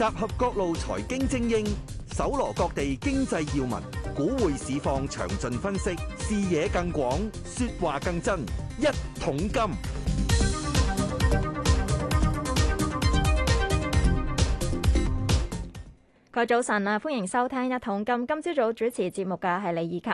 集合各路財經精英，搜羅各地經濟要聞，股匯市況詳盡分析，視野更廣，說話更真。一桶金，各位早晨啊！歡迎收聽《一桶金》，今朝早主持節目嘅係李以琴。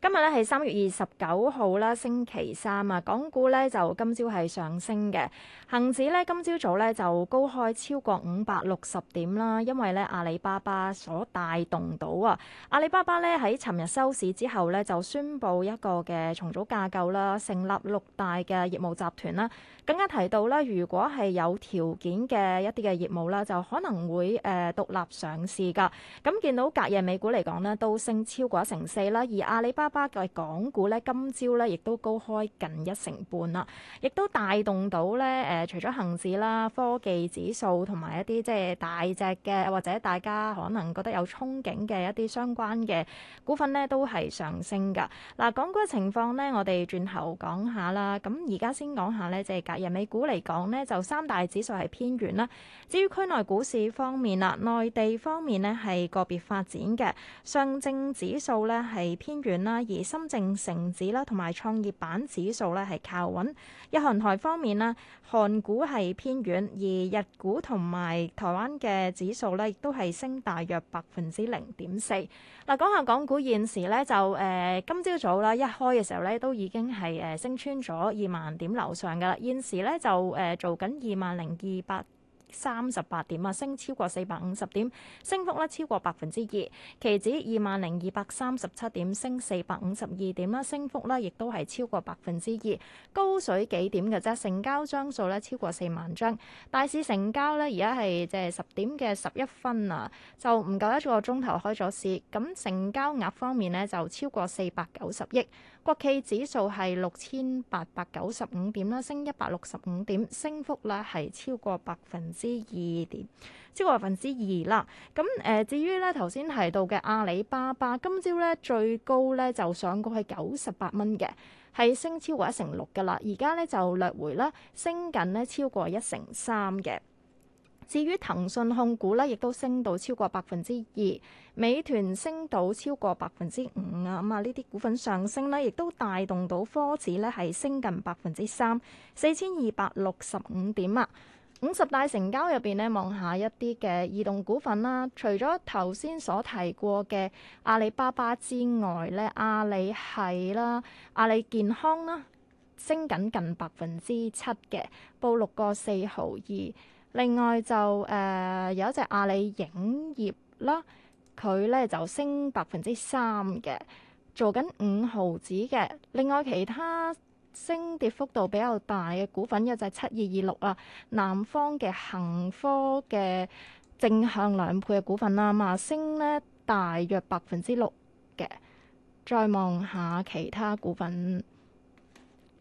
今日咧係三月二十九號啦，星期三啊，港股咧就今朝係上升嘅。恒指呢，今朝早咧就高開超過五百六十點啦，因為咧阿里巴巴所帶動到啊。阿里巴巴咧喺尋日收市之後咧就宣布一個嘅重組架構啦，成立六大嘅業務集團啦。更加提到啦，如果係有條件嘅一啲嘅業務啦，就可能會誒、呃、獨立上市噶咁見到隔夜美股嚟講呢，都升超過一成四啦，而阿里巴巴。亞巴嘅港股咧，今朝咧亦都高開近一成半啦，亦都帶動到咧誒、呃、除咗恒指啦、科技指數同埋一啲即係大隻嘅或者大家可能覺得有憧憬嘅一啲相關嘅股份呢都係上升噶。嗱、啊，港股嘅情況呢，我哋轉頭講下啦。咁而家先講下咧，即係隔日美股嚟講呢，就三大指數係偏軟啦。至於區內股市方面啦，內地方面呢，係個別發展嘅，上證指數咧係偏軟啦。而深證成指啦，同埋創業板指數咧，係靠穩。日韓台方面咧，韓股係偏軟，而日股同埋台灣嘅指數咧，亦都係升大約百分之零點四。嗱，講下港股現時咧，就誒、呃、今朝早啦一開嘅時候咧，都已經係誒升穿咗二萬點樓上噶啦。現時咧就誒、呃、做緊二萬零二百三十八點啊，升超過四百五十點，升幅咧超過百分之二。期指二萬零二百三十七點，升四百五十二點啦，升幅咧亦都係超過百分之二，高水幾點嘅啫。成交張數咧超過四萬張，大市成交咧而家係即係十點嘅十一分啊，就唔夠一個鐘頭開咗市。咁成交額方面咧就超過四百九十億，國企指數係六千八百九十五點啦，升一百六十五點，升幅咧係超過百分。之二點，超過百分之二啦。咁誒、呃，至於咧，頭先提到嘅阿里巴巴，今朝咧最高咧就上過去九十八蚊嘅，係升超過一成六噶啦。而家咧就略回啦，升緊咧超過一成三嘅。至於騰訊控股咧，亦都升到超過百分之二，美團升到超過百分之五啊。咁啊，呢啲股份上升咧，亦都帶動到科指咧係升近百分之三，四千二百六十五點啊。五十大成交入面咧，望下一啲嘅異動股份啦。除咗頭先所提過嘅阿里巴巴之外咧，阿里系啦，阿里健康啦，升緊近百分之七嘅，報六個四毫二。另外就誒、呃、有一隻阿里影業啦，佢咧就升百分之三嘅，做緊五毫子嘅。另外其他。升跌幅度比較大嘅股份有一隻七二二六啊，南方嘅恒科嘅正向兩倍嘅股份啦，嘛、嗯、升咧大約百分之六嘅。再望下其他股份，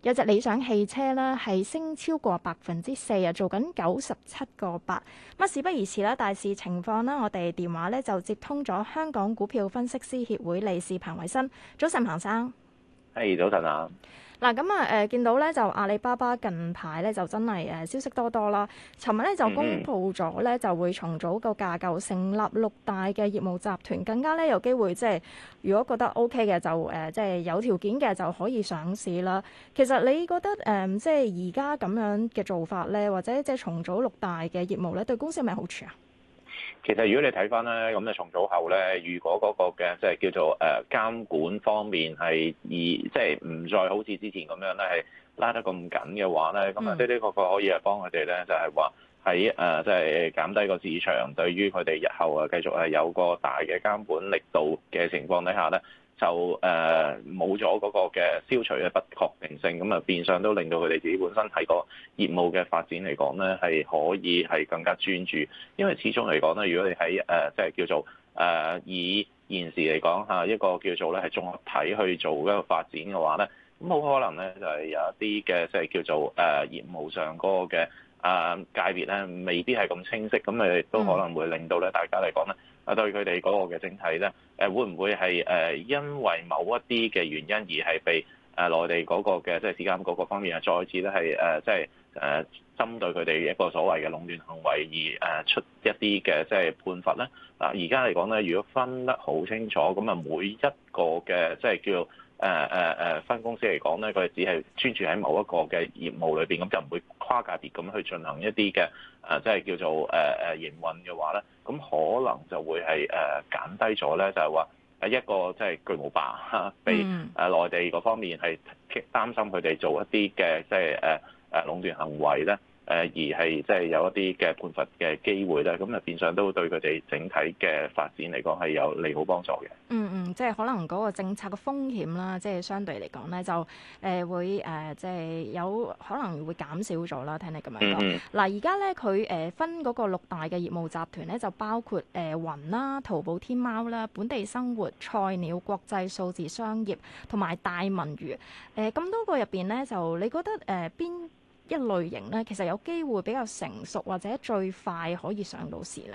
有隻理想汽車咧，係升超過百分之四啊，做緊九十七個八。乜事不宜遲啦，大市情況啦，我哋電話咧就接通咗香港股票分析師協會理事彭偉新。早晨，彭生，係，早晨啊！嗱咁啊，誒、呃、見到咧就阿里巴巴近排咧就真係誒、呃、消息多多啦。尋日咧就公佈咗咧就會重組個架構，成立六大嘅業務集團，更加咧有機會即、就、係、是、如果覺得 OK 嘅就誒即係有條件嘅就可以上市啦。其實你覺得誒即係而家咁樣嘅做法咧，或者即係重組六大嘅業務咧，對公司有咩好處啊？其實如果你睇翻咧，咁咧重組後咧，如果嗰個嘅即係叫做誒監管方面係而即係唔再好似之前咁樣咧，係拉得咁緊嘅話咧，咁啊，呢呢個可以係幫佢哋咧，就係話。喺誒，即係減低個市場對於佢哋日後啊繼續係有個大嘅監管力度嘅情況底下咧，就誒冇咗嗰個嘅消除嘅不確定性，咁啊變相都令到佢哋自己本身喺個業務嘅發展嚟講咧，係可以係更加專注，因為始終嚟講咧，如果你喺誒即係叫做誒以現時嚟講吓一個叫做咧係綜合體去做一個發展嘅話咧，咁好可能咧就係有一啲嘅即係叫做誒業務上嗰個嘅。啊界別咧未必係咁清晰，咁誒都可能會令到咧大家嚟講咧，啊對佢哋嗰個嘅整體咧誒會唔會係誒因為某一啲嘅原因而係被誒內地嗰個嘅即係市監局個方面啊再次咧係誒即係誒針對佢哋一個所謂嘅壟斷行為而誒出一啲嘅即係判罰咧，啊而家嚟講咧，如果分得好清楚，咁啊每一個嘅即係叫。誒誒誒分公司嚟講咧，佢哋只係專注喺某一個嘅業務裏邊，咁就唔會跨界別咁去進行一啲嘅誒，即、呃、係叫做誒誒營運嘅話咧，咁可能就會係誒減低咗咧，就係話喺一個即係、就係、巨無霸嚇，被誒內地嗰方面係擔心佢哋做一啲嘅即係誒誒壟斷行為咧。誒而係即係有一啲嘅判罰嘅機會咧，咁啊變相都對佢哋整體嘅發展嚟講係有利好幫助嘅。嗯嗯，即係可能嗰個政策嘅風險啦，即係相對嚟講咧，就誒會誒、呃、即係有可能會減少咗啦。聽你咁樣講，嗱而家咧佢誒分嗰個六大嘅業務集團咧，就包括誒雲啦、淘寶、天貓啦、本地生活、菜鳥、國際數字商業同埋大文娛。誒、呃、咁多個入邊咧，就你覺得誒邊？呃一類型咧，其實有機會比較成熟或者最快可以上到市咧。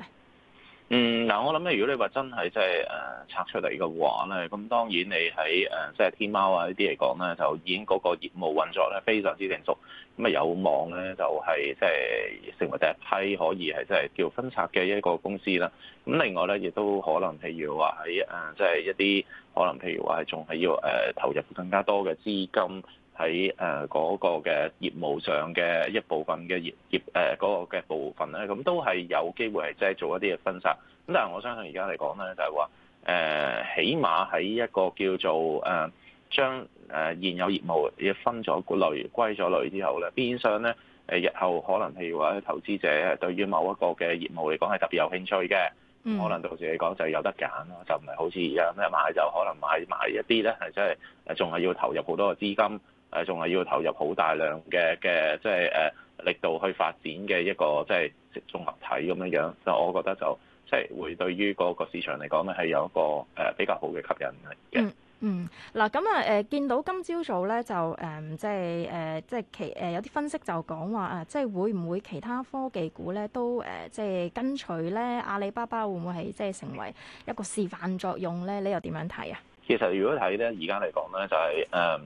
嗯，嗱，我諗咧，如果你話真係即係誒拆出嚟嘅話咧，咁當然你喺誒即係天貓啊呢啲嚟講咧，就已經嗰個業務運作咧非常之成熟，咁啊有望咧就係即係成為第一批可以係即係叫分拆嘅一個公司啦。咁另外咧，亦都可能譬如話喺誒即係一啲可能譬如話係仲係要誒、呃、投入更加多嘅資金。喺誒嗰個嘅業務上嘅一部分嘅業業誒嗰個嘅部分咧，咁都係有機會係即係做一啲嘅分散。咁但係我相信而家嚟講咧，就係話誒，起碼喺一個叫做誒、呃、將誒現有業務嘅分咗類歸咗類之後咧，變相咧誒日後可能譬如話，投資者對於某一個嘅業務嚟講係特別有興趣嘅，嗯、可能到時嚟講就係有得揀咯，就唔係好似而家咩買就可能買買一啲咧，係即係誒仲係要投入好多嘅資金。誒仲係要投入好大量嘅嘅，即係誒力度去發展嘅一個即係、就是、綜合體咁樣樣。但我覺得就即係、就是、會對於嗰個市場嚟講咧，係有一個誒比較好嘅吸引力嘅、嗯。嗯、嗱咁啊誒，見到今朝早咧就誒、呃，即係誒，即係其誒、呃、有啲分析就講話啊，即係會唔會其他科技股咧都誒、呃，即係跟隨咧阿里巴巴會唔會係即係成為一個示範作用咧？你又點樣睇啊？其實如果睇咧，而家嚟講咧，就係、是、誒。呃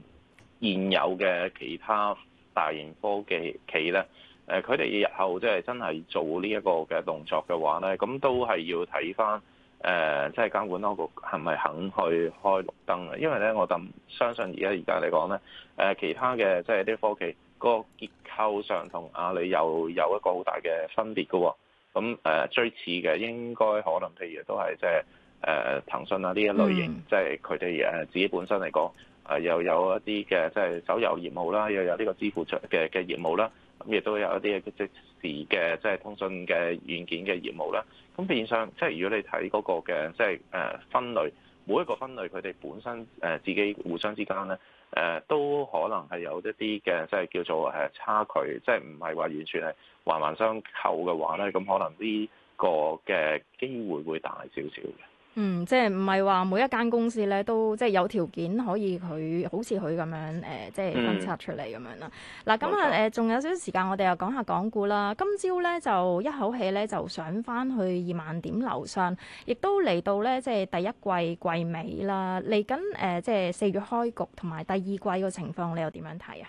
現有嘅其他大型科技企咧，誒佢哋日後即係真係做呢一個嘅動作嘅話咧，咁都係要睇返誒，即、呃、係、就是、監管當局係咪肯去開綠燈啊？因為咧，我諗相信而家而家嚟講咧，誒、呃、其他嘅即係啲科技個結構上同阿里又有一個好大嘅分別嘅喎、哦，咁誒、呃、最似嘅應該可能譬如都係即係。誒騰訊啊，呢一類型，即係佢哋誒自己本身嚟講，誒又有一啲嘅，即係手遊業務啦，又有呢個支付出嘅嘅業務啦，咁亦都有一啲嘅即時嘅，即係通訊嘅軟件嘅業務啦。咁變相即係如果你睇嗰個嘅，即係誒分類每一個分類，佢哋本身誒自己互相之間咧誒都可能係有一啲嘅，即係叫做誒差距，即係唔係話完全係環環相扣嘅話咧，咁可能呢個嘅機會會大少少嘅。嗯，即係唔係話每一間公司咧都即係有條件可以佢好似佢咁樣誒、呃，即係分拆出嚟咁樣啦。嗱、嗯，咁啊誒，仲吧、呃、有少少時間，我哋又講下港股啦。今朝咧就一口氣咧就上翻去二萬點樓上，亦都嚟到咧即係第一季季尾啦。嚟緊誒即係四月開局同埋第二季個情況，你又點樣睇啊？